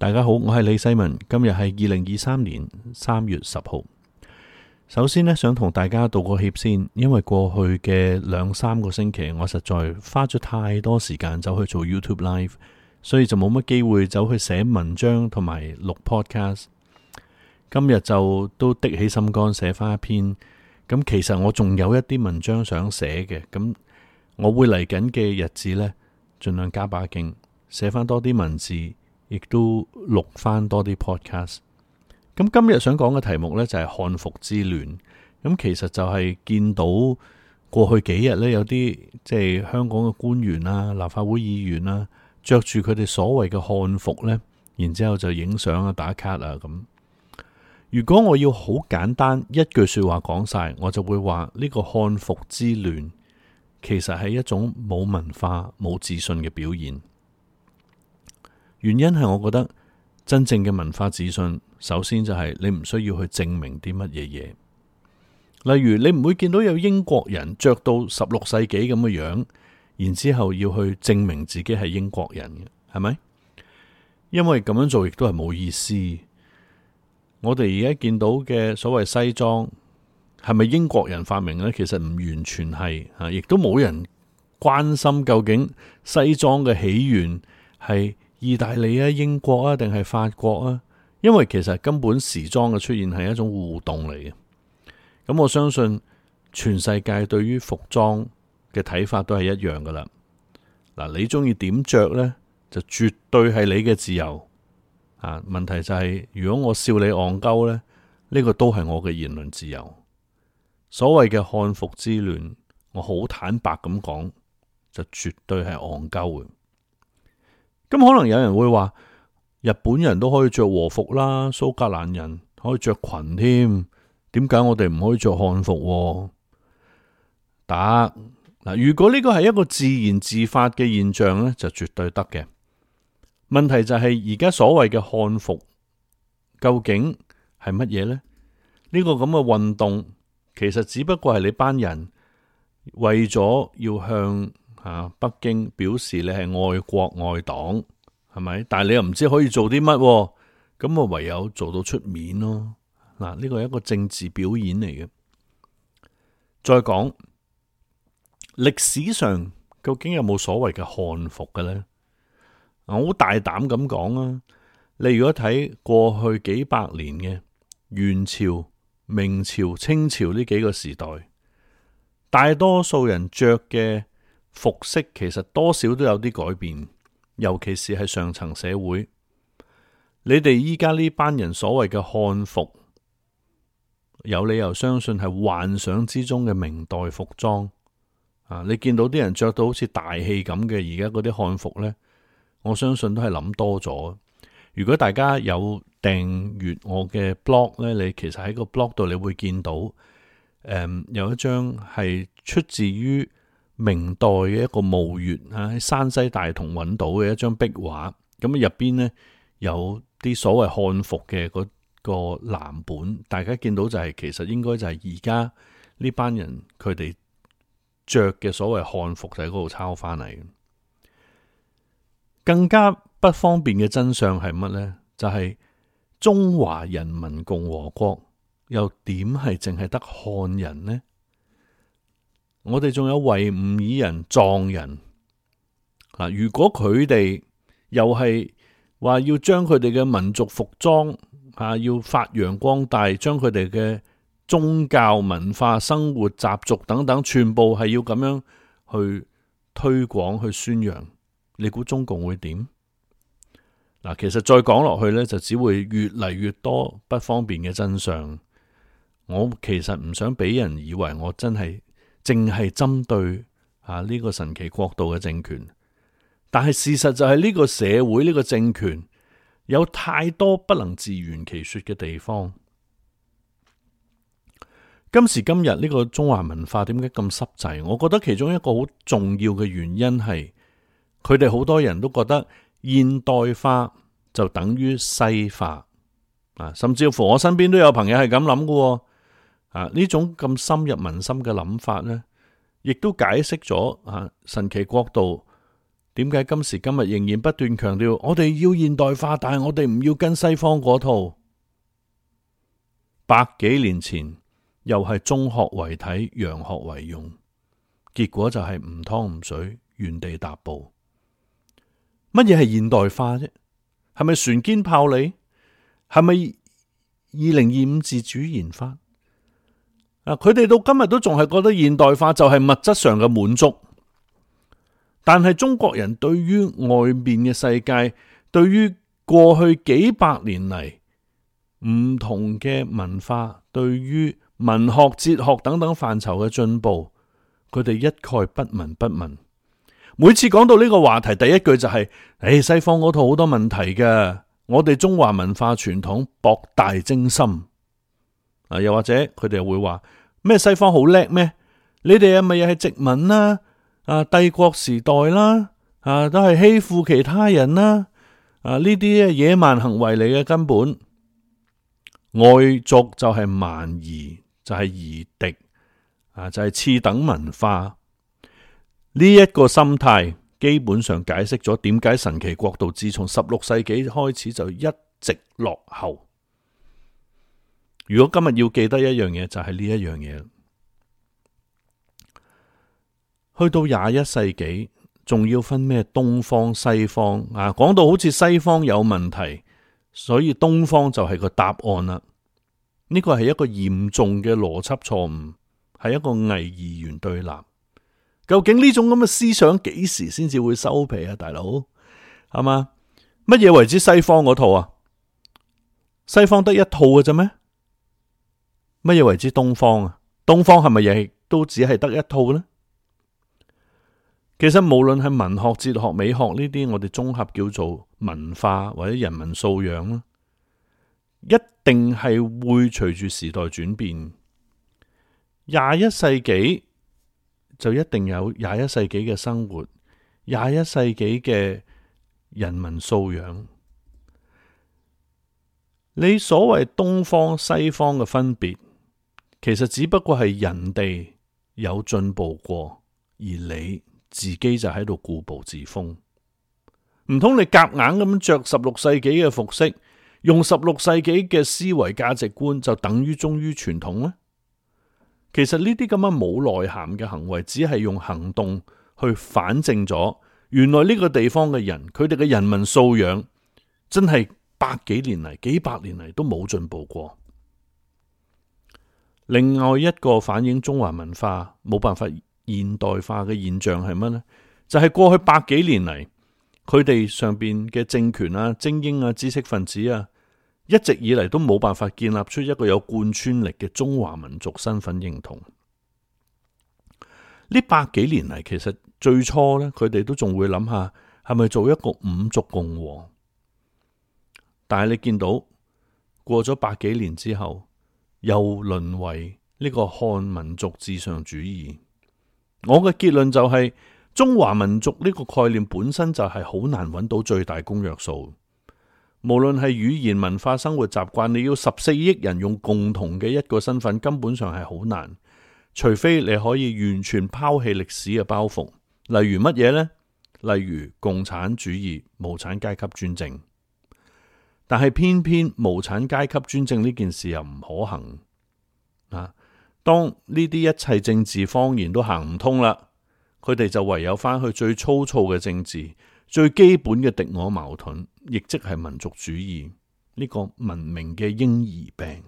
大家好，我係李世民，今日係二零二三年三月十號。首先呢，想同大家道個歉先，因為過去嘅兩三個星期，我實在花咗太多時間走去做 YouTube Live，所以就冇乜機會走去寫文章同埋錄 Podcast。今日就都的起心肝寫翻一篇。咁其實我仲有一啲文章想寫嘅，咁我會嚟緊嘅日子呢，盡量加把勁寫翻多啲文字。亦都錄翻多啲 podcast。咁今日想講嘅題目呢，就係，就係漢服之亂。咁其實就係見到過去幾日呢，有啲即係香港嘅官員啊、立法會議員啊，着住佢哋所謂嘅漢服呢，然之後就影相啊、打卡啊咁。如果我要好簡單一句説話講晒，我就會話呢個漢服之亂其實係一種冇文化、冇自信嘅表現。原因係我覺得真正嘅文化自信，首先就係你唔需要去證明啲乜嘢嘢。例如你唔會見到有英國人着到十六世紀咁嘅樣，然之後要去證明自己係英國人嘅，係咪？因為咁樣做亦都係冇意思。我哋而家見到嘅所謂西裝係咪英國人發明呢？其實唔完全係啊，亦都冇人關心究竟西裝嘅起源係。意大利啊、英國啊，定係法國啊？因為其實根本時裝嘅出現係一種互動嚟嘅。咁我相信全世界對於服裝嘅睇法都係一樣噶啦。嗱，你中意點着呢？就絕對係你嘅自由。啊，問題就係，如果我笑你戇鳩呢，呢，呢個都係我嘅言論自由。所謂嘅漢服之亂，我好坦白咁講，就絕對係戇鳩嘅。咁可能有人會話，日本人都可以着和服啦，蘇格蘭人可以着裙添，點解我哋唔可以着漢服？得嗱，如果呢個係一個自然自發嘅現象呢，就絕對得嘅。問題就係而家所謂嘅漢服究竟係乜嘢呢？呢、呢個咁嘅運動其實只不過係你班人為咗要向。啊！北京表示你係愛國愛黨，係咪？但係你又唔知可以做啲乜，咁啊唯有做到出面咯。嗱，呢個係一個政治表演嚟嘅。再講歷史上究竟有冇所謂嘅漢服嘅呢？我好大膽咁講啊！你如果睇過去幾百年嘅元朝、明朝、清朝呢幾個時代，大多數人着嘅。服飾其實多少都有啲改變，尤其是係上層社會。你哋依家呢班人所謂嘅漢服，有理由相信係幻想之中嘅明代服裝啊！你見到啲人着到好似大戲咁嘅，而家嗰啲漢服呢，我相信都係諗多咗。如果大家有訂閱我嘅 blog 呢，你其實喺個 blog 度你會見到，誒、嗯，有一張係出自於，明代嘅一個墓穴啊，喺山西大同揾到嘅一張壁畫，咁入邊呢，有啲所謂漢服嘅嗰個藍本，大家見到就係、是、其實應該就係而家呢班人佢哋着嘅所謂漢服就喺嗰度抄翻嚟。更加不方便嘅真相係乜呢？就係、是、中華人民共和國又點係淨係得漢人呢？我哋仲有維吾爾人、藏人啊！如果佢哋又係話要將佢哋嘅民族服裝啊，要發揚光大，將佢哋嘅宗教文化、生活習俗等等，全部係要咁樣去推廣去宣揚，你估中共會點？嗱，其實再講落去咧，就只會越嚟越多不方便嘅真相。我其實唔想俾人以為我真係。淨係針對啊呢個神奇國度嘅政權，但係事實就係呢個社會呢個政權有太多不能自圓其說嘅地方。今時今日呢個中華文化點解咁濕滯？我覺得其中一個好重要嘅原因係，佢哋好多人都覺得現代化就等於西化啊，甚至乎我身邊都有朋友係咁諗嘅。啊！呢種咁深入民心嘅諗法呢，亦都解釋咗啊，神奇國度點解今時今日仍然不斷強調我哋要現代化，但係我哋唔要跟西方嗰套。百幾年前又係中學為體，洋學為用，結果就係唔湯唔水，原地踏步。乜嘢係現代化啫？係咪船堅炮利？係咪二零二五自主研發？啊！佢哋到今日都仲係覺得現代化就係物質上嘅滿足，但係中國人對於外面嘅世界，對於過去幾百年嚟唔同嘅文化，對於文學、哲學等等範疇嘅進步，佢哋一概不聞不問。每次講到呢個話題，第一句就係：誒，西方嗰套好多問題嘅，我哋中華文化傳統博大精深。啊，又或者佢哋會話咩西方好叻咩？你哋係咪又係殖民啦、啊，啊帝國時代啦、啊，啊都係欺負其他人啦、啊，啊呢啲野蠻行為嚟嘅。根本，外族就係蠻夷，就係夷狄，啊就係、是、次等文化，呢、這、一個心態基本上解釋咗點解神奇國度自從十六世紀開始就一直落後。如果今日要記得一樣嘢，就係呢一樣嘢。去到廿一世紀，仲要分咩東方西方啊？講到好似西方有問題，所以東方就係個答案啦。呢個係一個嚴重嘅邏輯錯誤，係一個偽二元對立。究竟呢種咁嘅思想幾時先至會收皮啊？大佬係嘛？乜嘢為之西方嗰套啊？西方得一套嘅啫咩？乜嘢為之東方啊？東方係咪亦都只係得一套呢？其實無論係文學、哲學、美學呢啲，我哋綜合叫做文化或者人文素養啦，一定係會隨住時代轉變。廿一世紀就一定有廿一世紀嘅生活，廿一世紀嘅人民素養。你所謂東方西方嘅分別？其實只不過係人哋有進步過，而你自己就喺度固步自封。唔通你夾硬咁着十六世紀嘅服飾，用十六世紀嘅思維價值觀，就等於忠於傳統咩？其實呢啲咁樣冇內涵嘅行為，只係用行動去反證咗，原來呢個地方嘅人，佢哋嘅人民素養真係百幾年嚟、幾百年嚟都冇進步過。另外一個反映中華文化冇辦法現代化嘅現象係乜呢？就係過去百幾年嚟，佢哋上邊嘅政權啊、精英啊、知識分子啊，一直以嚟都冇辦法建立出一個有貫穿力嘅中華民族身份認同。呢百幾年嚟，其實最初呢，佢哋都仲會諗下係咪做一個五族共和？但係你見到過咗百幾年之後。又淪為呢個漢民族至上主義，我嘅結論就係，中華民族呢個概念，本身就係好難揾到最大公約數。無論係語言、文化、生活習慣，你要十四億人用共同嘅一個身份，根本上係好難。除非你可以完全拋棄歷史嘅包袱，例如乜嘢呢？例如共產主義、無產階級專政。但係偏偏無產階級專政呢件事又唔可行啊！當呢啲一切政治謊言都行唔通啦，佢哋就唯有返去最粗糙嘅政治、最基本嘅敵我矛盾，亦即係民族主義呢個文明嘅嬰兒病。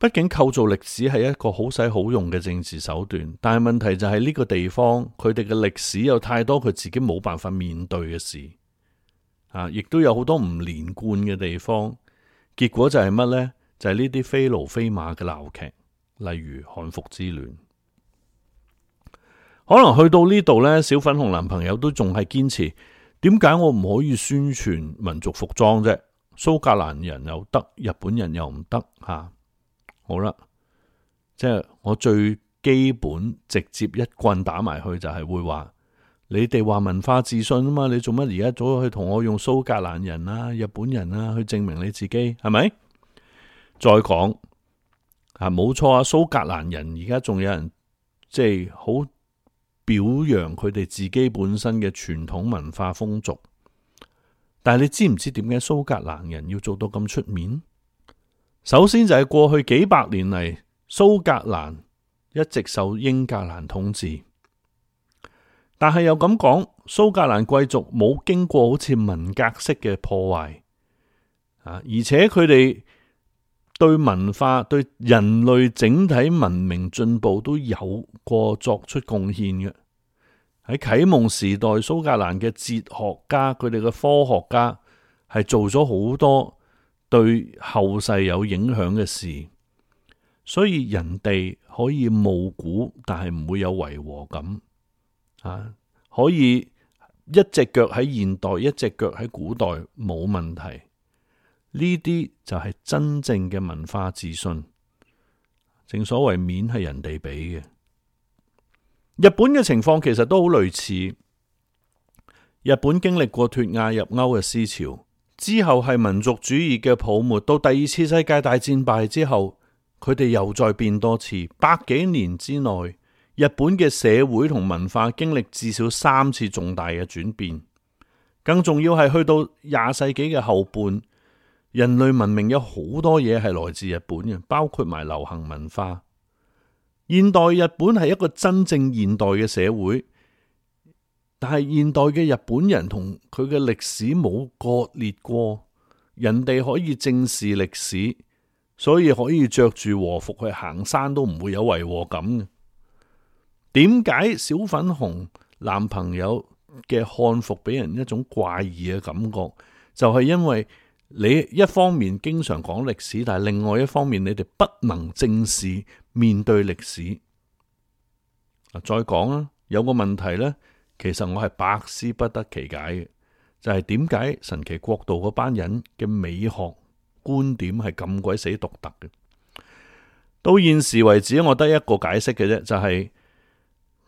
畢竟構造歷史係一個好使好用嘅政治手段，但係問題就係呢個地方，佢哋嘅歷史有太多佢自己冇辦法面對嘅事。啊！亦都有好多唔連貫嘅地方，結果就係乜呢？就係呢啲非驢非馬嘅鬧劇，例如漢服之戀。可能去到呢度，呢小粉紅男朋友都仲係堅持，點解我唔可以宣傳民族服裝啫？蘇格蘭人又得，日本人又唔得嚇？好啦，即係我最基本直接一棍打埋去就，就係會話。你哋話文化自信啊嘛，你做乜而家走去同我用蘇格蘭人啊、日本人啊去證明你自己係咪？再講啊，冇錯啊，蘇格蘭人而家仲有人即係好表揚佢哋自己本身嘅傳統文化風俗。但係你知唔知點解蘇格蘭人要做到咁出面？首先就係過去幾百年嚟，蘇格蘭一直受英格蘭統治。但係又咁講，蘇格蘭貴族冇經過好似文革式嘅破壞啊，而且佢哋對文化、對人類整體文明進步都有過作出貢獻嘅。喺啟蒙時代，蘇格蘭嘅哲學家、佢哋嘅科學家係做咗好多對後世有影響嘅事，所以人哋可以慕古，但係唔會有違和感。啊！可以一隻腳喺現代，一隻腳喺古代，冇問題。呢啲就係真正嘅文化自信。正所謂面係人哋俾嘅。日本嘅情況其實都好類似。日本經歷過脫亞入歐嘅思潮之後，係民族主義嘅泡沫，到第二次世界大戰敗之後，佢哋又再變多次，百幾年之內。日本嘅社會同文化經歷至少三次重大嘅轉變，更重要係去到廿世紀嘅後半，人類文明有好多嘢係來自日本嘅，包括埋流行文化。現代日本係一個真正現代嘅社會，但係現代嘅日本人同佢嘅歷史冇割裂過，人哋可以正視歷史，所以可以着住和服去行山都唔會有違和感。點解小粉紅男朋友嘅漢服俾人一種怪異嘅感覺？就係因為你一方面經常講歷史，但係另外一方面你哋不能正視面對歷史。再講啦，有個問題呢，其實我係百思不得其解嘅，就係點解神奇國度嗰班人嘅美學觀點係咁鬼死獨特嘅？到現時為止，我得一個解釋嘅啫，就係。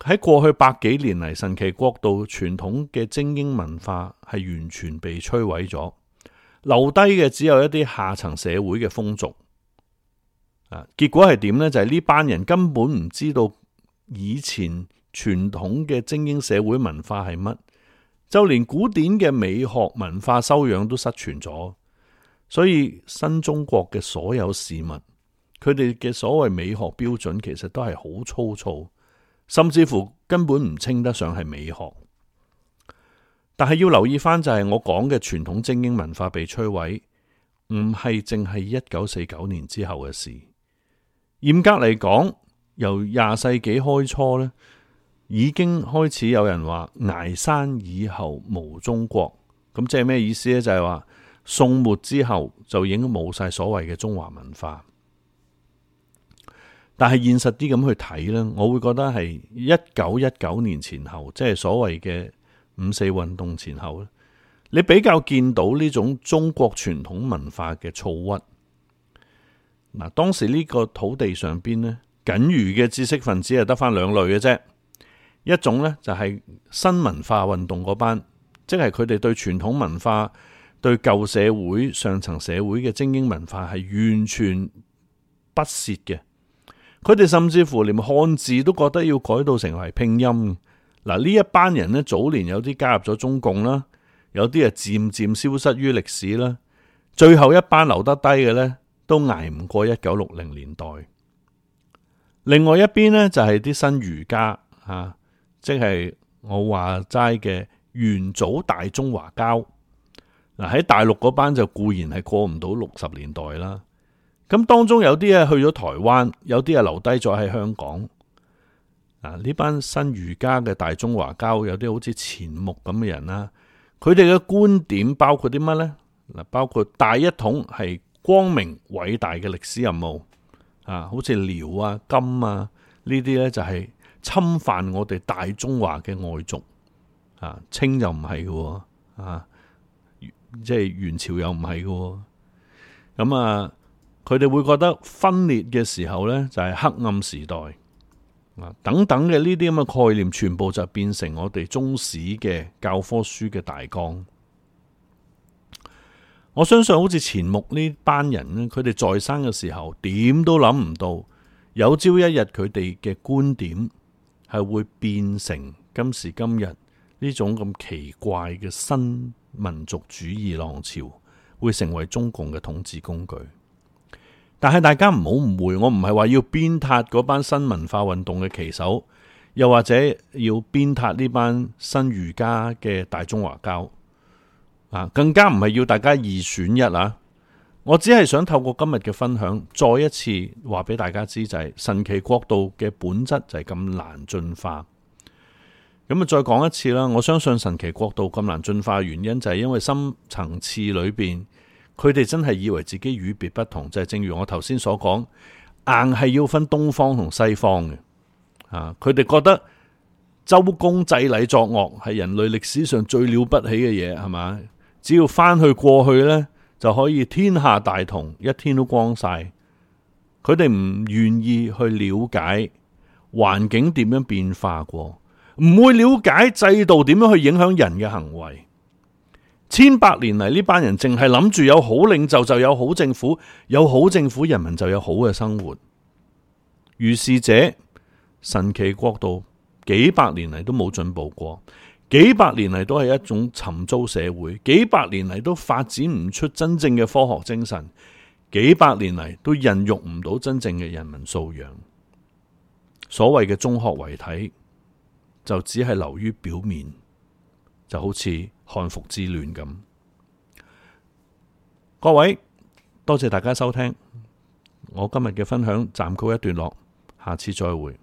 喺過去百幾年嚟，神奇國度傳統嘅精英文化係完全被摧毀咗，留低嘅只有一啲下層社會嘅風俗。啊，結果係點呢？就係呢班人根本唔知道以前傳統嘅精英社會文化係乜，就連古典嘅美學文化修養都失傳咗。所以新中國嘅所有事物，佢哋嘅所謂美學標準，其實都係好粗糙。甚至乎根本唔稱得上係美學，但係要留意翻，就係我講嘅傳統精英文化被摧毀，唔係淨係一九四九年之後嘅事。嚴格嚟講，由廿世紀開初呢，已經開始有人話崖山以後無中國，咁即係咩意思呢？就係話宋末之後就已經冇晒所謂嘅中華文化。但係現實啲咁去睇呢，我會覺得係一九一九年前後，即係所謂嘅五四運動前後咧，你比較見到呢種中國傳統文化嘅躁鬱。嗱，當時呢個土地上邊咧，僅餘嘅知識分子係得返兩類嘅啫，一種呢，就係新文化運動嗰班，即係佢哋對傳統文化、對舊社會上層社會嘅精英文化係完全不屑嘅。佢哋甚至乎連漢字都覺得要改到成為拼音。嗱，呢一班人呢，早年有啲加入咗中共啦，有啲啊漸漸消失於歷史啦。最後一班留得低嘅呢，都挨唔過一九六零年代。另外一邊呢，就係啲新儒家啊，即係我話齋嘅元祖大中華膠。嗱，喺大陸嗰班就固然係過唔到六十年代啦。咁當中有啲啊去咗台灣，有啲啊留低咗喺香港。嗱、啊，呢班新儒家嘅大中華膠有啲好似錢穆咁嘅人啦、啊，佢哋嘅觀點包括啲乜呢？嗱，包括大一統係光明偉大嘅歷史任務啊，好似遼啊、金啊呢啲呢就係侵犯我哋大中華嘅外族啊，清又唔係嘅，啊，即係元朝又唔係嘅，咁啊。啊佢哋會覺得分裂嘅時候呢，就係黑暗時代啊，等等嘅呢啲咁嘅概念，全部就變成我哋中史嘅教科書嘅大綱。我相信好似錢穆呢班人咧，佢哋在生嘅時候，點都諗唔到有朝一日佢哋嘅觀點係會變成今時今日呢種咁奇怪嘅新民族主義浪潮，會成為中共嘅統治工具。但係大家唔好誤會，我唔係話要鞭撻嗰班新文化運動嘅旗手，又或者要鞭撻呢班新儒家嘅大中華膠啊，更加唔係要大家二選一啦！我只係想透過今日嘅分享，再一次話俾大家知就係神奇國度嘅本質就係咁難進化。咁啊，再講一次啦！我相信神奇國度咁難進化嘅原因就係因為深層次裏邊。佢哋真係以為自己與別不同，就係、是、正如我頭先所講，硬係要分東方同西方嘅。啊，佢哋覺得周公制禮作樂係人類歷史上最了不起嘅嘢，係嘛？只要翻去過去咧，就可以天下大同，一天都光晒。佢哋唔願意去了解環境點樣變化過，唔會了解制度點樣去影響人嘅行為。千百年嚟，呢班人淨係諗住有好領袖就有好政府，有好政府人民就有好嘅生活。如是者，神奇國度幾百年嚟都冇進步過，幾百年嚟都係一種尋租社會，幾百年嚟都發展唔出真正嘅科學精神，幾百年嚟都孕育唔到真正嘅人民素養。所謂嘅中學為體，就只係流於表面，就好似。漢服之亂咁，各位多謝大家收聽，我今日嘅分享暫告一段落，下次再會。